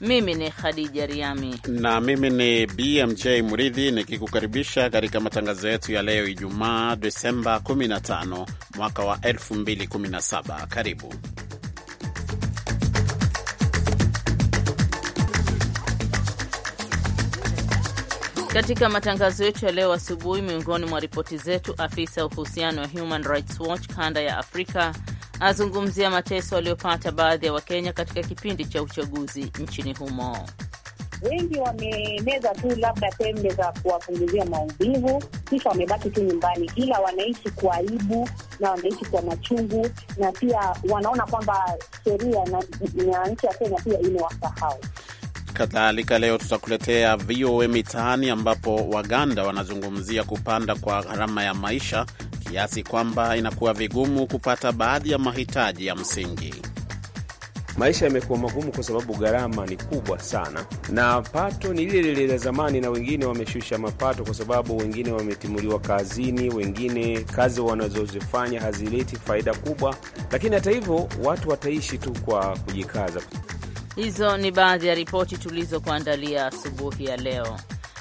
mimi ni Khadija Riami na mimi ni BMJ Mridhi nikikukaribisha katika matangazo yetu ya leo Ijumaa, Desemba 15 mwaka wa 2017. Karibu katika matangazo yetu ya leo asubuhi. Miongoni mwa ripoti zetu, afisa uhusiano wa Human Rights Watch kanda ya Afrika azungumzia mateso aliyopata baadhi ya Wakenya katika kipindi cha uchaguzi nchini humo. Wengi wamemeza tu labda pembe za kuwapunguzia maumivu, kisha wamebaki tu nyumbani, ila wanaishi kwa aibu na wanaishi kwa machungu, na pia wanaona kwamba sheria na, na nchi ya Kenya pia imewasahau. Kadhalika leo tutakuletea VOA Mitaani ambapo Waganda wanazungumzia kupanda kwa gharama ya maisha kiasi kwamba inakuwa vigumu kupata baadhi ya mahitaji ya msingi. Maisha yamekuwa magumu kwa sababu gharama ni kubwa sana, na pato ni lile lile la zamani, na wengine wameshusha mapato kwa sababu wengine wametimuliwa kazini, wengine kazi wanazozifanya hazileti faida kubwa, lakini hata hivyo watu wataishi tu kwa kujikaza. Hizo ni baadhi ya ripoti tulizokuandalia asubuhi ya leo.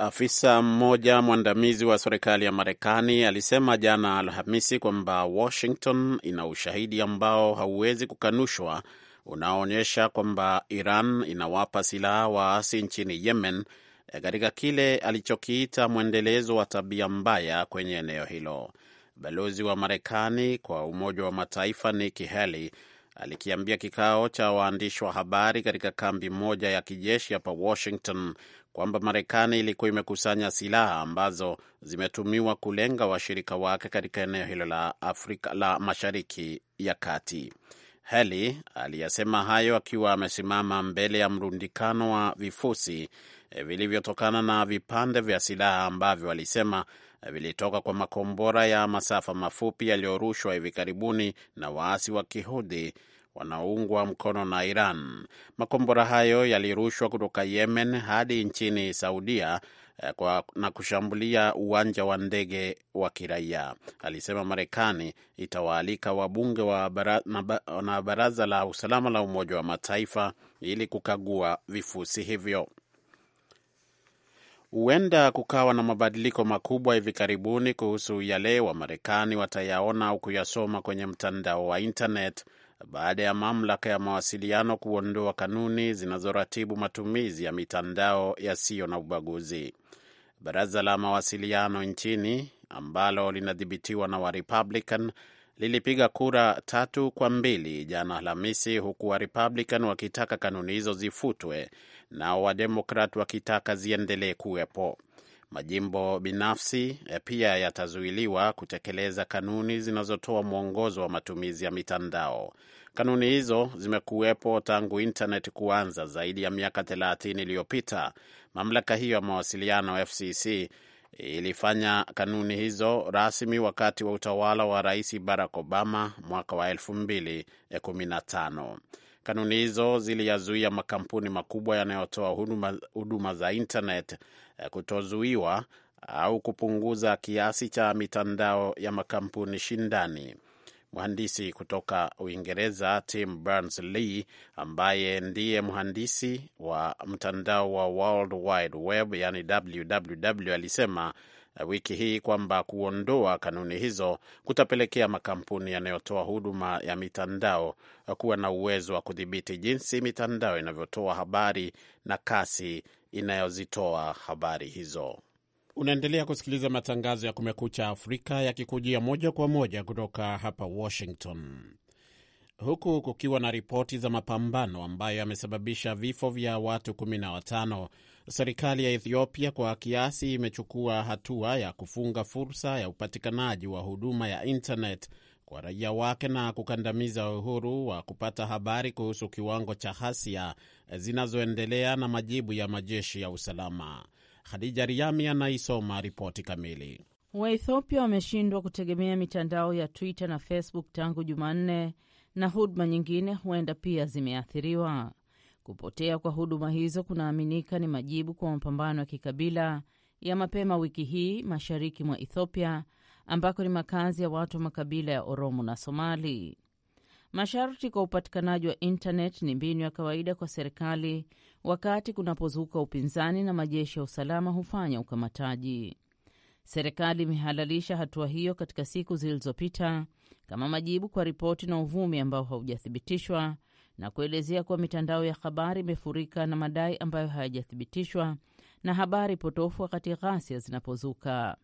Afisa mmoja mwandamizi wa serikali ya Marekani alisema jana Alhamisi kwamba Washington ina ushahidi ambao hauwezi kukanushwa unaoonyesha kwamba Iran inawapa silaha waasi nchini Yemen eh, katika kile alichokiita mwendelezo wa tabia mbaya kwenye eneo hilo. Balozi wa Marekani kwa Umoja wa Mataifa Nikki Haley alikiambia kikao cha waandishi wa habari katika kambi moja ya kijeshi hapa Washington kwamba Marekani ilikuwa imekusanya silaha ambazo zimetumiwa kulenga washirika wake katika eneo hilo la Afrika la Mashariki ya Kati. Heli aliyasema hayo akiwa amesimama mbele ya mrundikano wa vifusi eh, vilivyotokana na vipande vya silaha ambavyo alisema eh, vilitoka kwa makombora ya masafa mafupi yaliyorushwa hivi karibuni na waasi wa kihudhi wanaoungwa mkono na Iran. Makombora hayo yalirushwa kutoka Yemen hadi nchini Saudia eh, kwa na kushambulia uwanja wa ndege wa kiraia. Alisema Marekani itawaalika wabunge wa bara, na baraza la usalama la Umoja wa Mataifa ili kukagua vifusi hivyo. Huenda kukawa na mabadiliko makubwa hivi karibuni kuhusu yale Wamarekani watayaona au kuyasoma kwenye mtandao wa internet baada ya mamlaka ya mawasiliano kuondoa kanuni zinazoratibu matumizi ya mitandao yasiyo na ubaguzi. Baraza la mawasiliano nchini ambalo linadhibitiwa na Warepublican lilipiga kura tatu kwa mbili jana Alhamisi, huku Warepublican wakitaka kanuni hizo zifutwe, nao Wademokrat wakitaka ziendelee kuwepo. Majimbo binafsi eh, pia yatazuiliwa kutekeleza kanuni zinazotoa mwongozo wa matumizi ya mitandao. Kanuni hizo zimekuwepo tangu internet kuanza zaidi ya miaka 30 iliyopita. Mamlaka hiyo ya mawasiliano FCC ilifanya kanuni hizo rasmi wakati wa utawala wa Rais Barack Obama mwaka wa 2015. Kanuni hizo ziliyazuia makampuni makubwa yanayotoa huduma, huduma za intnet eh, kutozuiwa au kupunguza kiasi cha mitandao ya makampuni shindani. Mhandisi kutoka Uingereza Tim Berners-Lee ambaye ndiye mhandisi wa mtandao wa World Wide Web yani www alisema wiki hii kwamba kuondoa kanuni hizo kutapelekea makampuni yanayotoa huduma ya mitandao kuwa na uwezo wa kudhibiti jinsi mitandao inavyotoa habari na kasi inayozitoa habari hizo. Unaendelea kusikiliza matangazo ya Kumekucha Afrika yakikujia moja kwa moja kutoka hapa Washington, huku kukiwa na ripoti za mapambano ambayo yamesababisha vifo vya watu 15 Serikali ya Ethiopia kwa kiasi imechukua hatua ya kufunga fursa ya upatikanaji wa huduma ya intanet kwa raia wake na kukandamiza uhuru wa kupata habari kuhusu kiwango cha hasia zinazoendelea na majibu ya majeshi ya usalama. Khadija Riami anaisoma ripoti kamili. Waethiopia wameshindwa kutegemea mitandao ya Twitter na Facebook tangu Jumanne, na huduma nyingine huenda pia zimeathiriwa. Kupotea kwa huduma hizo kunaaminika ni majibu kwa mapambano ya kikabila ya mapema wiki hii mashariki mwa Ethiopia ambako ni makazi ya watu wa makabila ya Oromo na Somali. Masharti kwa upatikanaji wa intanet ni mbinu ya kawaida kwa serikali wakati kunapozuka upinzani na majeshi ya usalama hufanya ukamataji. Serikali imehalalisha hatua hiyo katika siku zilizopita kama majibu kwa ripoti na uvumi ambao haujathibitishwa na kuelezea kuwa mitandao ya habari imefurika na madai ambayo hayajathibitishwa na habari potofu wakati ghasia zinapozuka.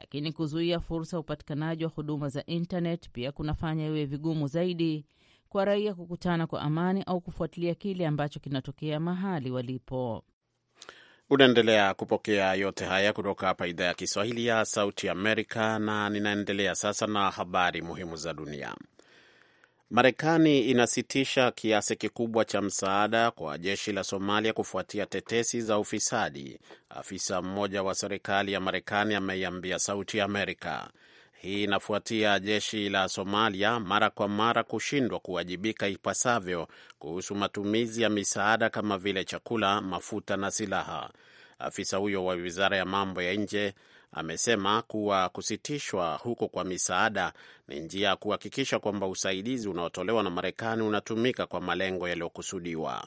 Lakini kuzuia fursa ya upatikanaji wa huduma za intanet pia kunafanya iwe vigumu zaidi kwa raia kukutana kwa amani au kufuatilia kile ambacho kinatokea mahali walipo. Unaendelea kupokea yote haya kutoka hapa idhaa ya Kiswahili ya Sauti Amerika, na ninaendelea sasa na habari muhimu za dunia. Marekani inasitisha kiasi kikubwa cha msaada kwa jeshi la Somalia kufuatia tetesi za ufisadi, afisa mmoja wa serikali ya Marekani ameiambia Sauti ya Amerika. Hii inafuatia jeshi la Somalia mara kwa mara kushindwa kuwajibika ipasavyo kuhusu matumizi ya misaada kama vile chakula, mafuta na silaha. Afisa huyo wa wizara ya mambo ya nje amesema kuwa kusitishwa huko kwa misaada ni njia ya kuhakikisha kwamba usaidizi unaotolewa na Marekani unatumika kwa malengo yaliyokusudiwa.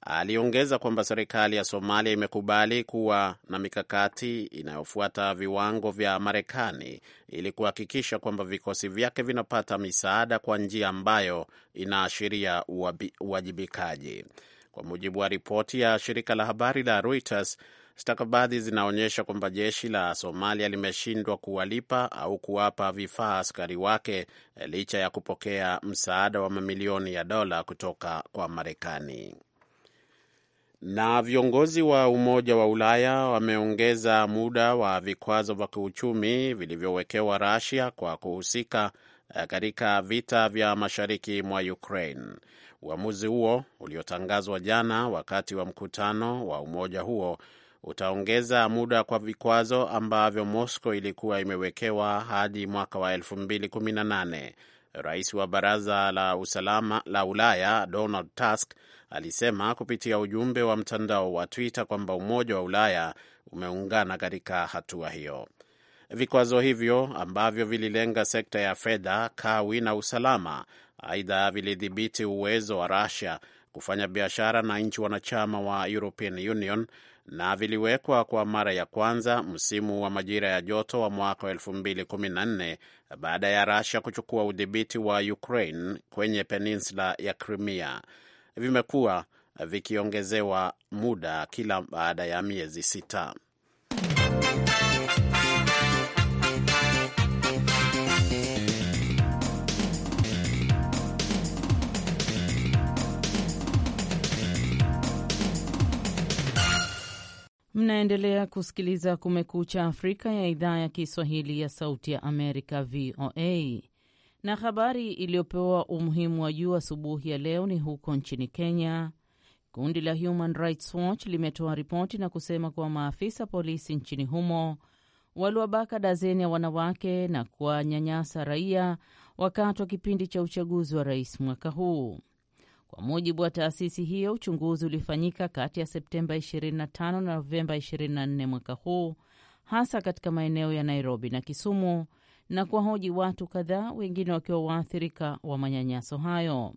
Aliongeza kwamba serikali ya Somalia imekubali kuwa na mikakati inayofuata viwango vya Marekani ili kuhakikisha kwamba vikosi vyake vinapata misaada kwa njia ambayo inaashiria uwajibikaji. Kwa mujibu wa ripoti ya shirika la habari la Reuters, Stakabadhi zinaonyesha kwamba jeshi la Somalia limeshindwa kuwalipa au kuwapa vifaa askari wake eh, licha ya kupokea msaada wa mamilioni ya dola kutoka kwa Marekani. Na viongozi wa Umoja wa Ulaya wameongeza muda wa vikwazo vya kiuchumi vilivyowekewa Russia kwa kuhusika eh, katika vita vya mashariki mwa Ukraine. Uamuzi huo uliotangazwa jana wakati wa mkutano wa umoja huo utaongeza muda kwa vikwazo ambavyo Moscow ilikuwa imewekewa hadi mwaka wa 2018. Rais wa Baraza la Usalama la Ulaya Donald Tusk alisema kupitia ujumbe wa mtandao wa Twitter kwamba Umoja wa Ulaya umeungana katika hatua hiyo. Vikwazo hivyo ambavyo vililenga sekta ya fedha, kawi na usalama, aidha vilidhibiti uwezo wa Russia kufanya biashara na nchi wanachama wa European Union na viliwekwa kwa mara ya kwanza msimu wa majira ya joto wa mwaka wa 2014 baada ya Russia kuchukua udhibiti wa Ukraine kwenye peninsula ya Crimea. Vimekuwa vikiongezewa muda kila baada ya miezi sita. Mnaendelea kusikiliza Kumekucha Afrika ya idhaa ya Kiswahili ya Sauti ya Amerika, VOA. Na habari iliyopewa umuhimu wa juu asubuhi ya leo ni huko nchini Kenya. Kundi la Human Rights Watch limetoa ripoti na kusema kuwa maafisa polisi nchini humo waliwabaka dazeni ya wanawake na kuwanyanyasa raia wakati wa kipindi cha uchaguzi wa rais mwaka huu. Kwa mujibu wa taasisi hiyo, uchunguzi ulifanyika kati ya Septemba 25 na Novemba 24 mwaka huu, hasa katika maeneo ya Nairobi na Kisumu, na kuwahoji watu kadhaa, wengine wakiwa waathirika wa manyanyaso hayo.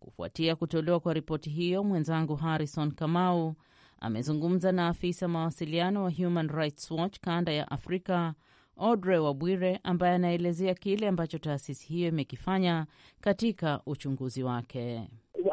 Kufuatia kutolewa kwa ripoti hiyo, mwenzangu Harrison Kamau amezungumza na afisa mawasiliano wa Human Rights Watch kanda ya Afrika Audrey Wabwire ambaye anaelezea kile ambacho taasisi hiyo imekifanya katika uchunguzi wake.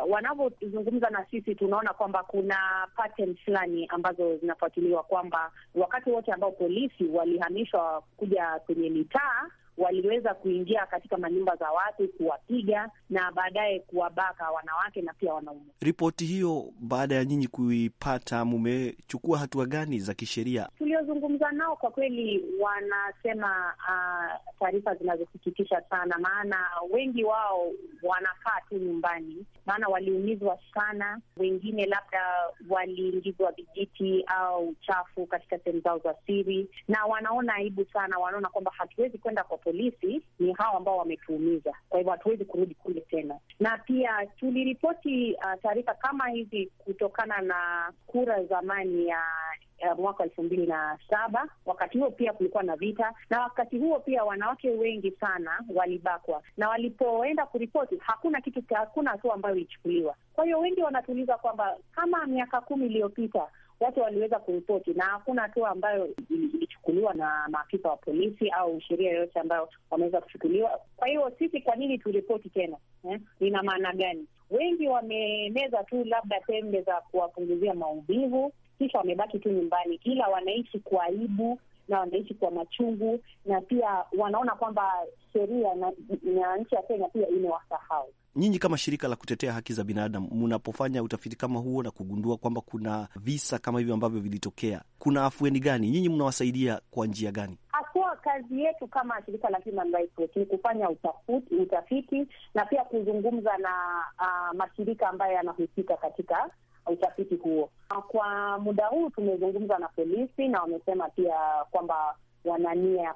Wanavyozungumza na sisi tunaona kwamba kuna patterns fulani ambazo zinafuatiliwa, kwamba wakati wote ambao polisi walihamishwa kuja kwenye mitaa waliweza kuingia katika manyumba za watu kuwapiga na baadaye kuwabaka wanawake na pia wanaume. Ripoti hiyo baada ya nyinyi kuipata, mumechukua hatua gani za kisheria? Tuliozungumza nao kwa kweli wanasema uh, taarifa zinazosikitisha sana, maana wengi wao wanakaa tu nyumbani, maana waliumizwa sana, wengine labda waliingizwa vijiti au chafu katika sehemu zao za siri, na wanaona aibu sana, wanaona kwamba hatuwezi kwenda kwa polisi ni hawa ambao wametuumiza. Kwa hivyo hatuwezi kurudi kule tena, na pia tuliripoti uh, taarifa kama hizi kutokana na kura zamani ya uh, mwaka elfu mbili na saba. Wakati huo pia kulikuwa na vita, na wakati huo pia wanawake wengi sana walibakwa, na walipoenda kuripoti hakuna kitu, hakuna hatua ambayo ilichukuliwa. Kwa hiyo wengi wanatuuliza kwamba kama miaka kumi iliyopita watu waliweza kuripoti, na hakuna hatua ambayo ilichukuliwa na maafisa wa polisi au sheria yoyote ambayo wameweza kuchukuliwa. Kwa hiyo sisi, kwa nini turipoti tena eh? Ina maana gani? Wengi wameeneza tu labda tembe za kuwapunguzia maumivu, kisha wamebaki tu nyumbani, ila wanaishi kwa aibu na wanaishi kwa machungu, na pia wanaona kwamba sheria na, na nchi ya Kenya pia imewasahau nyinyi kama shirika la kutetea haki za binadamu mnapofanya utafiti kama huo na kugundua kwamba kuna visa kama hivyo ambavyo vilitokea, kuna afueni gani? Nyinyi mnawasaidia kwa njia gani? Hakuwa kazi yetu kama shirika la Human Rights Watch ni kufanya utafuti, utafiti na pia kuzungumza na uh, mashirika ambayo yanahusika katika utafiti huo. Ah, kwa muda huu tumezungumza na polisi na wamesema pia kwamba wana nia ya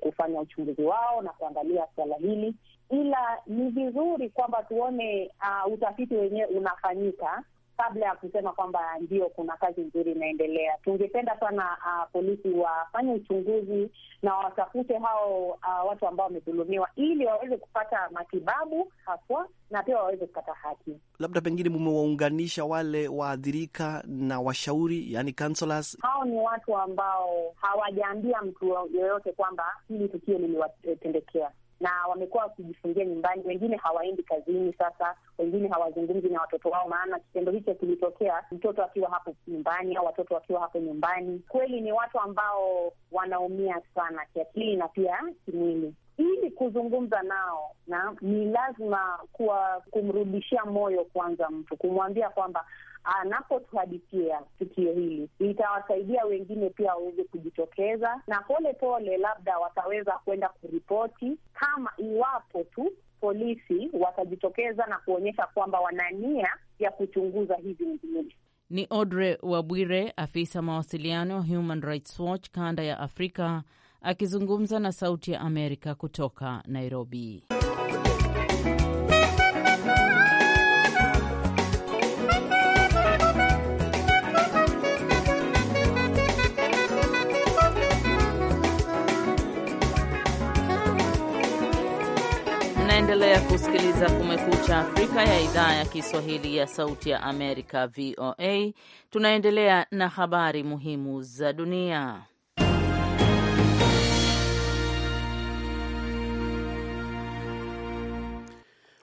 kufanya uchunguzi wao na kuangalia suala hili ila ni vizuri kwamba tuone uh, utafiti wenyewe unafanyika kabla ya kusema kwamba ndio kuna kazi nzuri inaendelea. Tungependa sana uh, polisi wafanye uchunguzi na watafute hao uh, watu ambao wamedhulumiwa ili waweze kupata matibabu haswa na pia waweze kupata haki. Labda pengine mumewaunganisha wale waathirika na washauri, yani counselors. Hao ni watu ambao hawajaambia mtu yoyote kwamba hili tukio liliwatendekea na wamekuwa wakijifungia nyumbani, wengine hawaendi kazini, sasa wengine hawazungumzi na watoto wao, maana kitendo hicho kilitokea mtoto akiwa hapo nyumbani au watoto wakiwa hapo nyumbani. Kweli ni watu ambao wanaumia sana kiakili na pia kimwili. Ili kuzungumza nao na ni lazima kuwa kumrudishia moyo kwanza, mtu kumwambia kwamba anapotuhadithia tukio hili, itawasaidia wengine pia waweze kujitokeza, na pole pole labda wataweza kwenda kuripoti kama iwapo tu polisi watajitokeza na kuonyesha kwamba wana nia ya kuchunguza hivi njumili. Ni Audrey Wabwire, afisa mawasiliano Human Rights Watch kanda ya Afrika, akizungumza na Sauti ya Amerika kutoka Nairobi. kusikiliza Kumekucha Afrika ya idhaa ya Kiswahili ya Sauti ya Amerika, VOA. Tunaendelea na habari muhimu za dunia.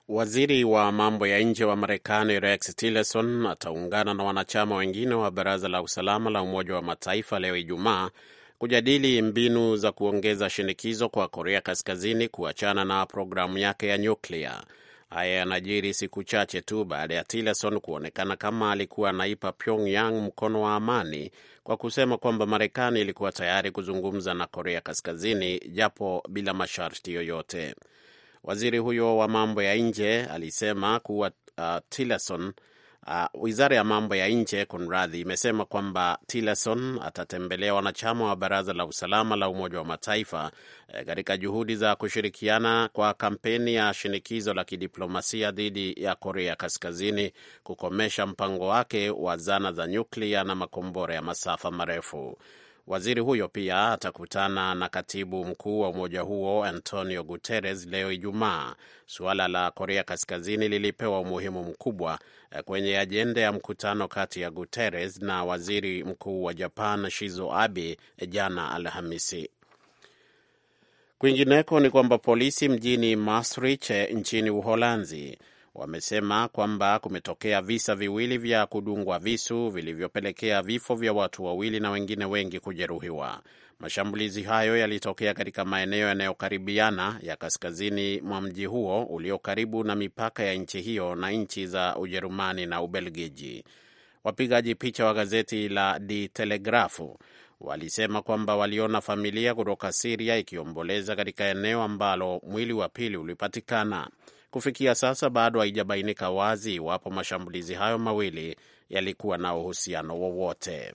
Waziri wa mambo ya nje wa Marekani Rex Tillerson ataungana na wanachama wengine wa Baraza la Usalama la Umoja wa Mataifa leo Ijumaa kujadili mbinu za kuongeza shinikizo kwa Korea Kaskazini kuachana na programu yake ya nyuklia. Haya yanajiri siku chache tu baada ya Tillerson kuonekana kama alikuwa anaipa Pyongyang mkono wa amani kwa kusema kwamba Marekani ilikuwa tayari kuzungumza na Korea Kaskazini japo bila masharti yoyote. Waziri huyo wa mambo ya nje alisema kuwa uh, Tillerson Uh, wizara ya mambo ya nje kunradhi, imesema kwamba Tillerson atatembelea wanachama wa baraza la usalama la Umoja wa Mataifa eh, katika eh, juhudi za kushirikiana kwa kampeni ya shinikizo la kidiplomasia dhidi ya Korea Kaskazini kukomesha mpango wake wa zana za nyuklia na makombora ya masafa marefu. Waziri huyo pia atakutana na katibu mkuu wa umoja huo Antonio Guterres leo Ijumaa. Suala la Korea Kaskazini lilipewa umuhimu mkubwa eh, kwenye ajenda ya mkutano kati ya Guterres na waziri mkuu wa Japan Shizo Abe eh, jana Alhamisi. Kwingineko ni kwamba polisi mjini Maastricht eh, nchini Uholanzi wamesema kwamba kumetokea visa viwili vya kudungwa visu vilivyopelekea vifo vya watu wawili na wengine wengi kujeruhiwa. Mashambulizi hayo yalitokea katika maeneo yanayokaribiana ya kaskazini mwa mji huo ulio karibu na mipaka ya nchi hiyo na nchi za Ujerumani na Ubelgiji. Wapigaji picha wa gazeti la Die Telegrafu walisema kwamba waliona familia kutoka Siria ikiomboleza katika eneo ambalo mwili wa pili ulipatikana. Kufikia sasa bado haijabainika wazi iwapo mashambulizi hayo mawili yalikuwa na uhusiano wowote.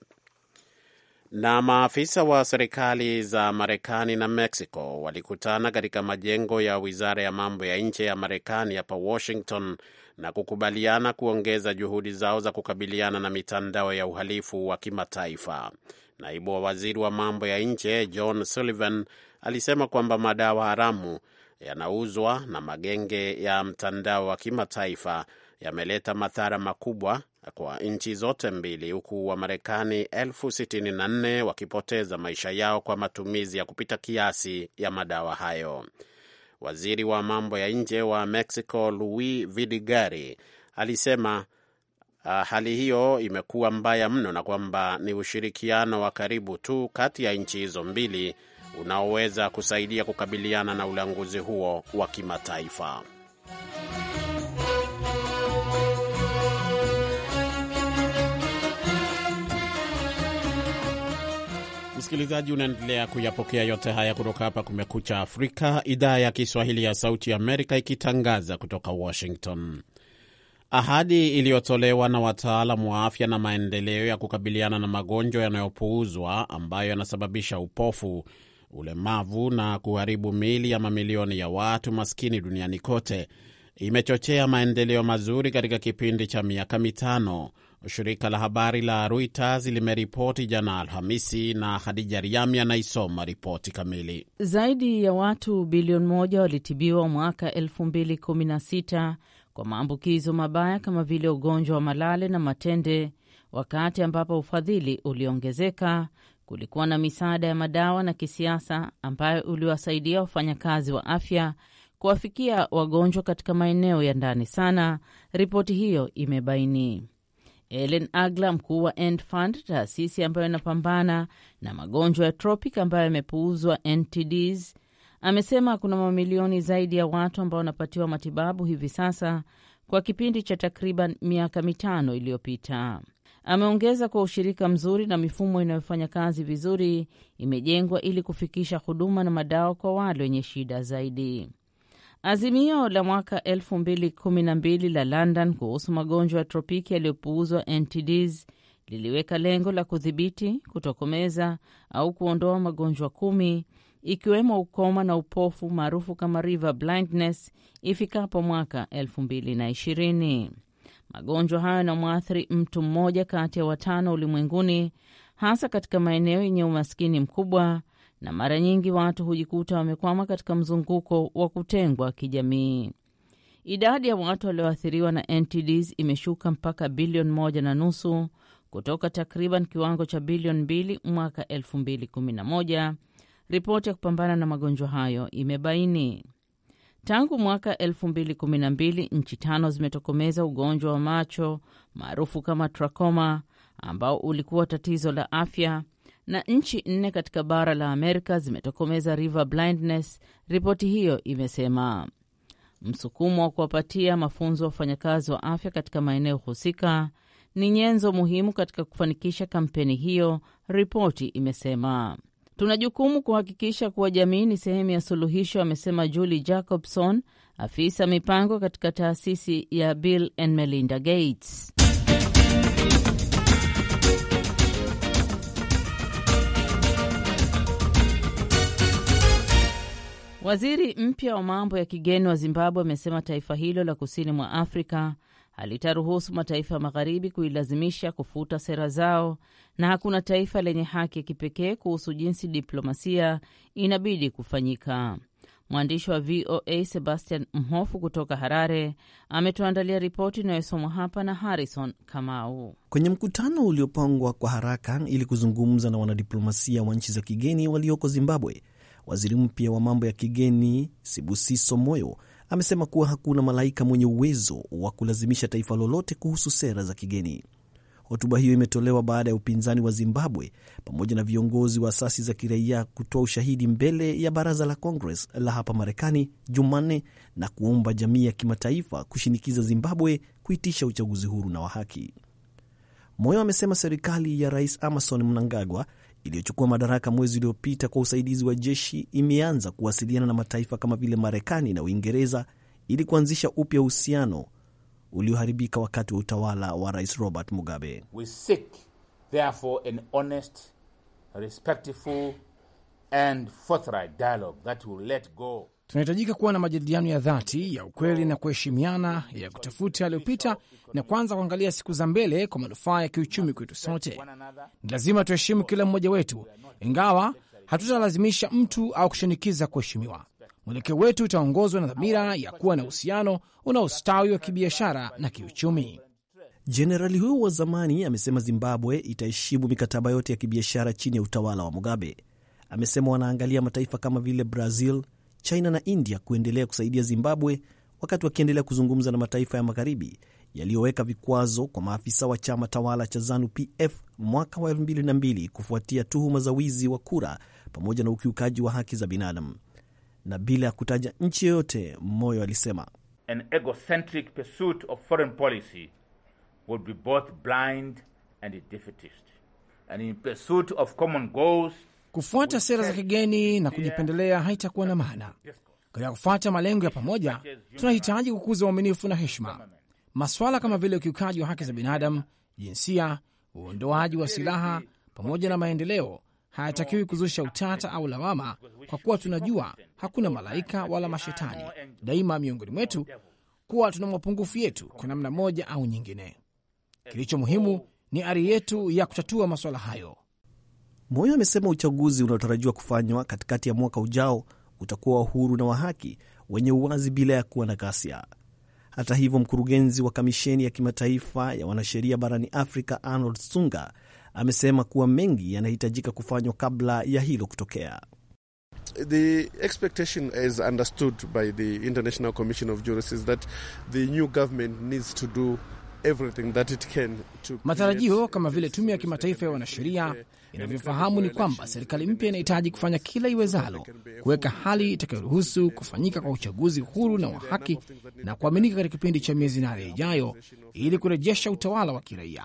Na maafisa wa serikali za Marekani na Mexico walikutana katika majengo ya wizara ya mambo ya nje ya Marekani hapa Washington na kukubaliana kuongeza juhudi zao za kukabiliana na mitandao ya uhalifu wa kimataifa. Naibu wa waziri wa mambo ya nje John Sullivan alisema kwamba madawa haramu yanauzwa na magenge ya mtandao wa kimataifa yameleta madhara makubwa kwa nchi zote mbili, huku Wamarekani elfu sitini na nne wakipoteza maisha yao kwa matumizi ya kupita kiasi ya madawa hayo. Waziri wa mambo ya nje wa Mexico Luis Vidigari alisema uh, hali hiyo imekuwa mbaya mno na kwamba ni ushirikiano wa karibu tu kati ya nchi hizo mbili unaoweza kusaidia kukabiliana na ulanguzi huo wa kimataifa. Msikilizaji, unaendelea kuyapokea yote haya kutoka hapa Kumekucha Afrika, idhaa ya Kiswahili ya Sauti Amerika, ikitangaza kutoka Washington. Ahadi iliyotolewa na wataalamu wa afya na maendeleo ya kukabiliana na magonjwa yanayopuuzwa ambayo yanasababisha upofu ulemavu na kuharibu miili ya mamilioni ya watu maskini duniani kote, imechochea maendeleo mazuri katika kipindi cha miaka mitano. Shirika la habari la Reuters limeripoti jana Alhamisi, na Khadija Riami anaisoma ripoti kamili. Zaidi ya watu bilioni moja walitibiwa mwaka 2016 kwa maambukizo mabaya kama vile ugonjwa wa malale na matende, wakati ambapo ufadhili uliongezeka kulikuwa na misaada ya madawa na kisiasa ambayo uliwasaidia wafanyakazi wa afya kuwafikia wagonjwa katika maeneo ya ndani sana, ripoti hiyo imebaini. Ellen Agla, mkuu wa End Fund, taasisi ambayo inapambana na magonjwa ya tropic ambayo yamepuuzwa NTDs, amesema kuna mamilioni zaidi ya watu ambao wanapatiwa matibabu hivi sasa kwa kipindi cha takriban miaka mitano iliyopita. Ameongeza kwa ushirika mzuri na mifumo inayofanya kazi vizuri imejengwa ili kufikisha huduma na madawa kwa wale wenye shida zaidi. Azimio la mwaka 2012 la London kuhusu magonjwa ya tropiki yaliyopuuzwa NTDs liliweka lengo la kudhibiti, kutokomeza au kuondoa magonjwa kumi ikiwemo ukoma na upofu maarufu kama river blindness ifikapo mwaka 2020. Magonjwa hayo yanamwathiri mtu mmoja kati ya watano ulimwenguni, hasa katika maeneo yenye umaskini mkubwa, na mara nyingi watu hujikuta wamekwama katika mzunguko wa kutengwa kijamii. Idadi ya watu walioathiriwa na NTDs imeshuka mpaka bilioni moja na nusu kutoka takriban kiwango cha bilioni mbili mwaka 2011, ripoti ya kupambana na magonjwa hayo imebaini. Tangu mwaka 2012 nchi tano zimetokomeza ugonjwa wa macho maarufu kama trakoma, ambao ulikuwa tatizo la afya, na nchi nne katika bara la Amerika zimetokomeza river blindness, ripoti hiyo imesema. Msukumo wa kuwapatia mafunzo wafanyakazi wa afya katika maeneo husika ni nyenzo muhimu katika kufanikisha kampeni hiyo, ripoti imesema. Tuna jukumu kuhakikisha kuwa jamii ni sehemu ya suluhisho, amesema Julie Jacobson, afisa mipango katika taasisi ya Bill and Melinda Gates. Waziri mpya wa mambo ya kigeni wa Zimbabwe amesema taifa hilo la kusini mwa Afrika halitaruhusu mataifa magharibi kuilazimisha kufuta sera zao, na hakuna taifa lenye haki ya kipekee kuhusu jinsi diplomasia inabidi kufanyika. Mwandishi wa VOA Sebastian Mhofu kutoka Harare ametuandalia ripoti inayosomwa hapa na Harrison Kamau. Kwenye mkutano uliopangwa kwa haraka ili kuzungumza na wanadiplomasia wa nchi za kigeni walioko Zimbabwe, waziri mpya wa mambo ya kigeni Sibusiso Moyo amesema kuwa hakuna malaika mwenye uwezo wa kulazimisha taifa lolote kuhusu sera za kigeni. Hotuba hiyo imetolewa baada ya upinzani wa Zimbabwe pamoja na viongozi wa asasi za kiraia kutoa ushahidi mbele ya baraza la Congress la hapa Marekani Jumanne na kuomba jamii ya kimataifa kushinikiza Zimbabwe kuitisha uchaguzi huru na wa haki. Moyo amesema serikali ya Rais Emmerson Mnangagwa iliyochukua madaraka mwezi uliopita kwa usaidizi wa jeshi imeanza kuwasiliana na mataifa kama vile Marekani na Uingereza ili kuanzisha upya uhusiano ulioharibika wakati wa utawala wa Rais Robert Mugabe. We seek, therefore, an honest, respectful and forthright dialogue that will let go tunahitajika kuwa na majadiliano ya dhati ya ukweli na kuheshimiana ya kutafuta yaliyopita na kwanza kuangalia siku za mbele kwa manufaa ya kiuchumi kwetu sote. Ni lazima tuheshimu kila mmoja wetu, ingawa hatutalazimisha mtu au kushinikiza kuheshimiwa. Mwelekeo wetu utaongozwa na dhamira ya kuwa na uhusiano unaostawi wa kibiashara na kiuchumi. Jenerali huyo wa zamani amesema Zimbabwe itaheshimu mikataba yote ya kibiashara chini ya utawala wa Mugabe. Amesema wanaangalia mataifa kama vile Brazil, China na India kuendelea kusaidia Zimbabwe wakati wakiendelea kuzungumza na mataifa ya magharibi yaliyoweka vikwazo kwa maafisa wa chama tawala cha ZANU-PF mwaka wa 2002 kufuatia tuhuma za wizi wa kura pamoja na ukiukaji wa haki za binadamu. Na bila ya kutaja nchi yoyote, Moyo alisema An egocentric pursuit of foreign policy would be both blind and defeatist. And in pursuit of common goals Kufuata sera za kigeni na kujipendelea haitakuwa na maana. Katika kufuata malengo ya pamoja, tunahitaji kukuza uaminifu na heshima. Maswala kama vile ukiukaji wa haki za binadamu, jinsia, uondoaji wa silaha pamoja na maendeleo hayatakiwi kuzusha utata au lawama, kwa kuwa tunajua hakuna malaika wala mashetani daima miongoni mwetu, kuwa tuna mapungufu yetu kwa namna moja au nyingine. Kilicho muhimu ni ari yetu ya kutatua masuala hayo. Moyo amesema uchaguzi unaotarajiwa kufanywa katikati ya mwaka ujao utakuwa wa huru na wa haki, wenye uwazi bila ya kuwa na ghasia. Hata hivyo, mkurugenzi wa kamisheni ya kimataifa ya wanasheria barani Afrika Arnold Sunga amesema kuwa mengi yanahitajika kufanywa kabla ya hilo kutokea. The expectation understood by the International Commission of Jurists that the new government needs to do everything that it can to... matarajio kama vile tume ya kimataifa ya wanasheria inavyofahamu ni kwamba serikali mpya inahitaji kufanya kila iwezalo kuweka hali itakayoruhusu kufanyika kwa uchaguzi huru na wa haki na kuaminika katika kipindi cha miezi nane ijayo ili kurejesha utawala wa kiraia.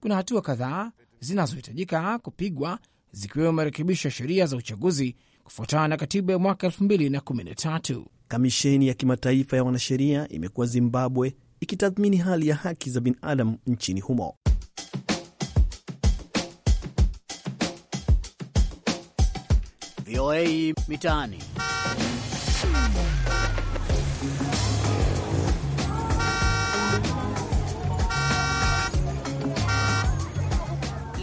Kuna hatua kadhaa zinazohitajika kupigwa zikiwemo marekebisho ya sheria za uchaguzi kufuatana na katiba ya mwaka 2013. Kamisheni ya kimataifa ya wanasheria imekuwa Zimbabwe ikitathmini hali ya haki za binadamu nchini humo. VOA Mitaani.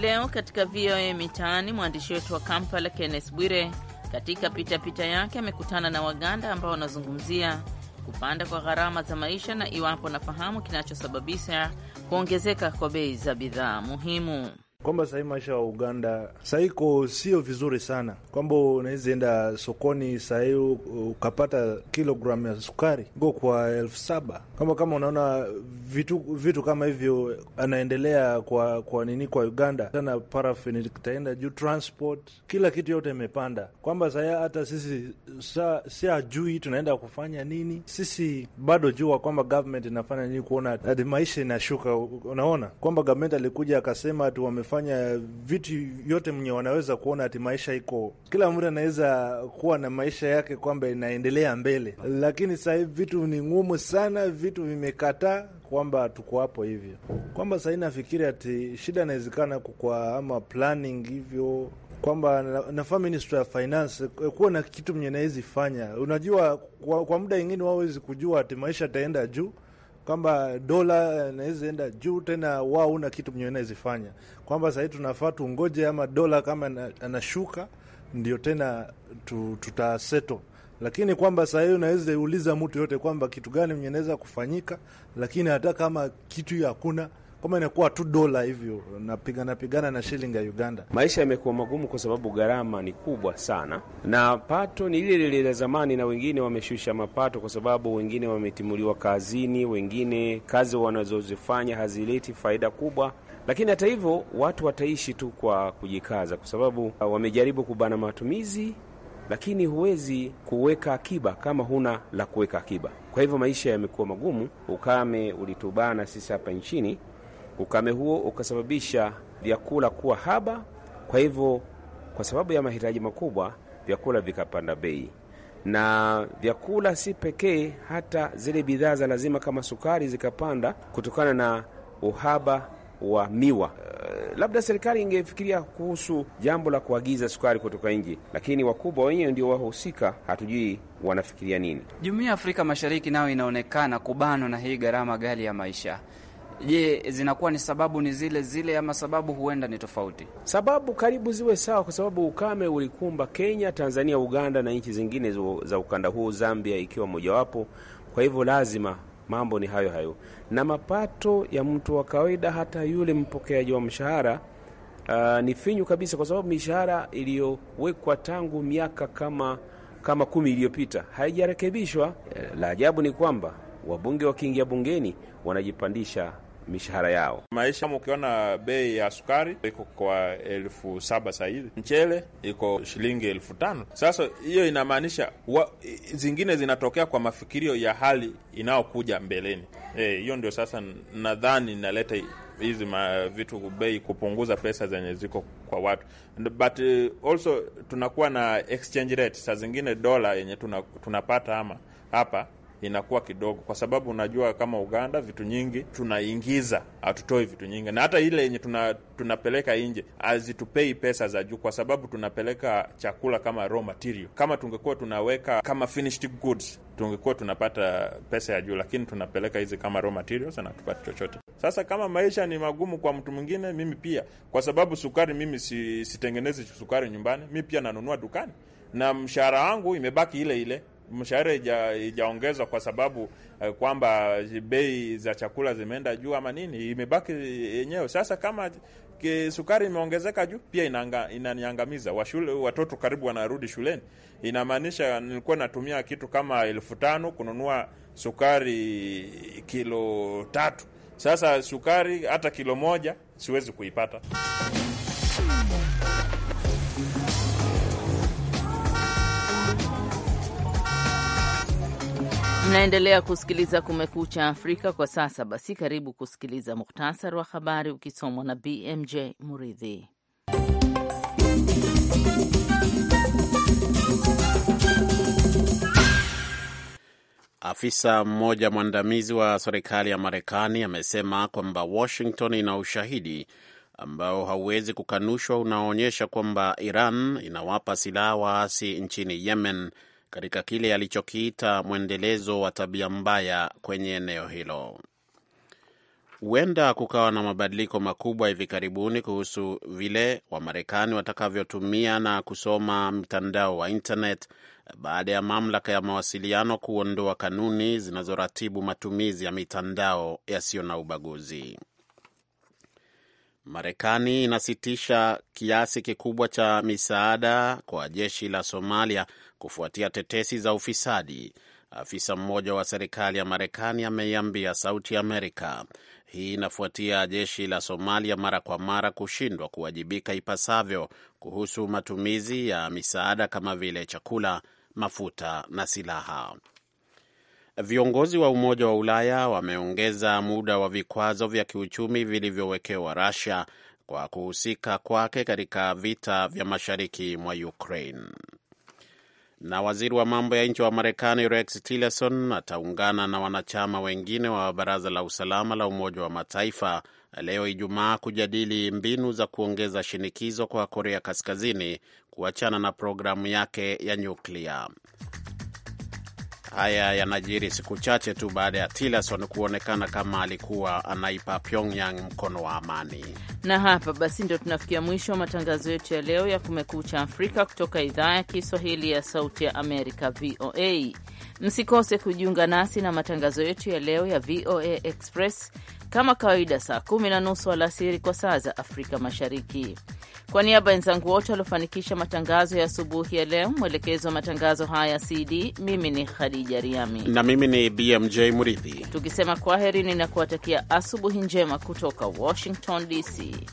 Leo katika VOA Mitaani, mwandishi wetu wa Kampala Kenneth Bwire katika pitapita yake amekutana na Waganda ambao wanazungumzia kupanda kwa gharama za maisha na iwapo nafahamu kinachosababisha kuongezeka kwa bei za bidhaa muhimu kwamba sahii maisha wa Uganda sahii sio vizuri sana, kwamba unaweza enda sokoni sahii ukapata kilogram ya sukari go kwa elfu saba kwamba kama unaona vitu vitu kama hivyo anaendelea kwa kwa nini kwa Uganda sana, parafini itaenda juu, transport, kila kitu yote imepanda, kwamba sahii hata sisi sa, si ajui tunaenda kufanya nini sisi, bado jua kwamba government inafanya nini kuona hadi maisha inashuka. Unaona kwamba government alikuja akasema tu wamefanya wanafanya vitu yote mwenye wanaweza kuona ati maisha iko, kila mtu anaweza kuwa na maisha yake kwamba inaendelea mbele, lakini sasa hivi vitu ni ngumu sana, vitu vimekataa kwamba tuko hapo hivyo, kwamba sahii nafikiri ati shida inawezekana kukwa ama planning hivyo kwamba nafaa Ministry ya Finance eh, kuwa na kitu mwenye nawezi fanya. Unajua, kwa, kwa muda ingine wawezi kujua ati maisha ataenda juu kwamba dola inaweza enda juu tena, wao una kitu mwenyewe naezifanya kwamba sahii tunafaa tungoje ama dola kama anashuka ndio tena tutaseto lakini kwamba sahii unaweza uliza mtu yote kwamba kitu gani mwenyewe naweza kufanyika, lakini hata kama kitu hiyo hakuna kama inakuwa tu dola hivyo, napigana pigana na shilingi ya Uganda. Maisha yamekuwa magumu kwa sababu gharama ni kubwa sana, na pato ni lile lile la zamani, na wengine wameshusha mapato kwa sababu wengine wametimuliwa kazini, wengine kazi wanazozifanya hazileti faida kubwa lakini hata hivyo watu wataishi tu kwa kujikaza, kwa sababu uh, wamejaribu kubana matumizi, lakini huwezi kuweka akiba kama huna la kuweka akiba. Kwa hivyo maisha yamekuwa magumu. Ukame ulitubana sisi hapa nchini, Ukame huo ukasababisha vyakula kuwa haba, kwa hivyo, kwa sababu ya mahitaji makubwa, vyakula vikapanda bei. Na vyakula si pekee, hata zile bidhaa za lazima kama sukari zikapanda kutokana na uhaba wa miwa. Eh, labda serikali ingefikiria kuhusu jambo la kuagiza sukari kutoka nje, lakini wakubwa wenyewe ndio wahusika, hatujui wanafikiria nini. Jumuiya ya Afrika Mashariki nayo inaonekana kubanwa na hii gharama ghali ya maisha. Je, zinakuwa ni sababu ni zile zile ama sababu huenda ni tofauti? Sababu karibu ziwe sawa, kwa sababu ukame ulikumba Kenya, Tanzania, Uganda na nchi zingine za ukanda huu, Zambia ikiwa mojawapo. Kwa hivyo lazima mambo ni hayo hayo, na mapato ya mtu wa kawaida, hata yule mpokeaji wa mshahara uh, ni finyu kabisa, kwa sababu mishahara iliyowekwa tangu miaka kama kama kumi iliyopita haijarekebishwa. Eh, la ajabu ni kwamba wabunge wakiingia bungeni wanajipandisha mishahara yao. Maisha ukiona bei ya sukari iko kwa elfu saba sahizi, mchele iko shilingi elfu tano Sasa hiyo inamaanisha zingine zinatokea kwa mafikirio ya hali inayokuja mbeleni. Eh, hiyo e, ndio sasa nadhani inaleta hizi vitu bei kupunguza pesa zenye ziko kwa watu, but eh, also tunakuwa na exchange rate saa zingine dola yenye tunapata tuna ama hapa inakuwa kidogo, kwa sababu unajua kama Uganda vitu nyingi tunaingiza, hatutoi vitu nyingi, na hata ile yenye tuna, tunapeleka nje hazitupei pesa za juu, kwa sababu tunapeleka chakula kama raw material. Kama tungekuwa tunaweka kama finished goods tungekuwa tunapata pesa ya juu, lakini tunapeleka hizi kama raw materials na tupate chochote. Sasa kama maisha ni magumu kwa mtu mwingine, mimi pia, kwa sababu sukari mimi si, sitengenezi sukari nyumbani, mi pia nanunua dukani na mshahara wangu imebaki ile ile mshahara ijaongezwa kwa sababu uh, kwamba bei za chakula zimeenda juu ama nini, imebaki yenyewe. Sasa kama sukari imeongezeka juu, pia inaniangamiza. Washule watoto karibu wanarudi shuleni, inamaanisha nilikuwa natumia kitu kama elfu tano kununua sukari kilo tatu. Sasa sukari hata kilo moja siwezi kuipata Mnaendelea kusikiliza Kumekucha Afrika kwa sasa. Basi karibu kusikiliza muhtasari wa habari ukisomwa na BMJ Muridhi. Afisa mmoja mwandamizi wa serikali ya Marekani amesema kwamba Washington ina ushahidi ambao hauwezi kukanushwa unaoonyesha kwamba Iran inawapa silaha waasi nchini Yemen katika kile alichokiita mwendelezo wa tabia mbaya kwenye eneo hilo. Huenda kukawa na mabadiliko makubwa hivi karibuni kuhusu vile Wamarekani watakavyotumia na kusoma mtandao wa internet baada ya mamlaka ya mawasiliano kuondoa kanuni zinazoratibu matumizi ya mitandao yasiyo na ubaguzi. Marekani inasitisha kiasi kikubwa cha misaada kwa jeshi la Somalia kufuatia tetesi za ufisadi. Afisa mmoja wa serikali ya Marekani ameiambia Sauti Amerika. Hii inafuatia jeshi la Somalia mara kwa mara kushindwa kuwajibika ipasavyo kuhusu matumizi ya misaada kama vile chakula, mafuta na silaha. Viongozi wa Umoja wa Ulaya wameongeza muda wa vikwazo vya kiuchumi vilivyowekewa Russia kwa kuhusika kwake katika vita vya mashariki mwa Ukraine. Na waziri wa mambo ya nchi wa Marekani Rex Tillerson ataungana na wanachama wengine wa Baraza la Usalama la Umoja wa Mataifa leo Ijumaa kujadili mbinu za kuongeza shinikizo kwa Korea Kaskazini kuachana na programu yake ya nyuklia. Haya yanajiri siku chache tu baada ya Tillerson kuonekana kama alikuwa anaipa Pyongyang mkono wa amani. Na hapa basi ndio tunafikia mwisho wa matangazo yetu ya leo ya Kumekucha Afrika kutoka idhaa ya Kiswahili ya Sauti ya Amerika, VOA. Msikose kujiunga nasi na matangazo yetu ya leo ya VOA Express kama kawaida saa kumi na nusu alasiri kwa saa za Afrika Mashariki. Kwa niaba ya wenzangu wote waliofanikisha matangazo ya asubuhi ya leo, mwelekezi wa matangazo haya CD, mimi ni Khadija Riami na mimi ni BMJ Muridhi, tukisema kwaherini na kuwatakia asubuhi njema kutoka Washington DC.